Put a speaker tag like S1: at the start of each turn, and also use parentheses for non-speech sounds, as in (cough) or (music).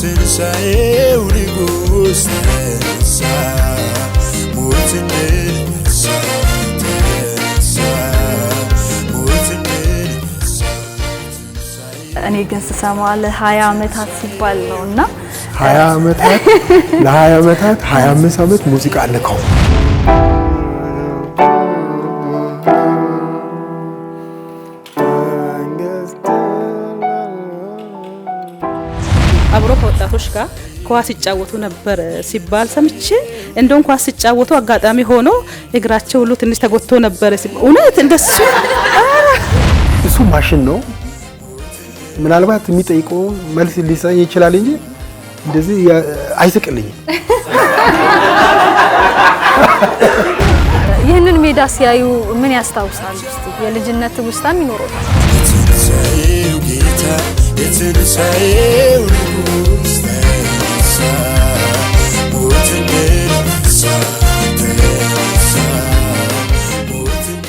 S1: ትንሣኤው ንጉሥ ተነሳ፣ ሞት እንድንነሳ ተነሳ። እኔ ግን ስሰማው ለሀያ ዓመታት ሲባል ነው እና
S2: ሀያ ዓመታት ለሀያ ዓመታት ሀያ አምስት ዓመት ሙዚቃ አለካው
S1: አብሮ ከወጣቶች ጋር ኳስ ሲጫወቱ ነበር ሲባል ሰምቼ እንደውም ኳስ ሲጫወቱ አጋጣሚ ሆኖ እግራቸው ሁሉ ትንሽ ተጎድቶ ነበር። እውነት እንደሱ
S2: እሱ ማሽን ነው። ምናልባት የሚጠይቀው መልስ ሊሰኝ ይችላል እንጂ እንደዚህ አይስቅልኝም።
S1: (laughs) ይህንን ሜዳ ሲያዩ ምን ያስታውሳል የልጅነት ውስጣም ይኖረታል። የትንሣኤው ንጉሥ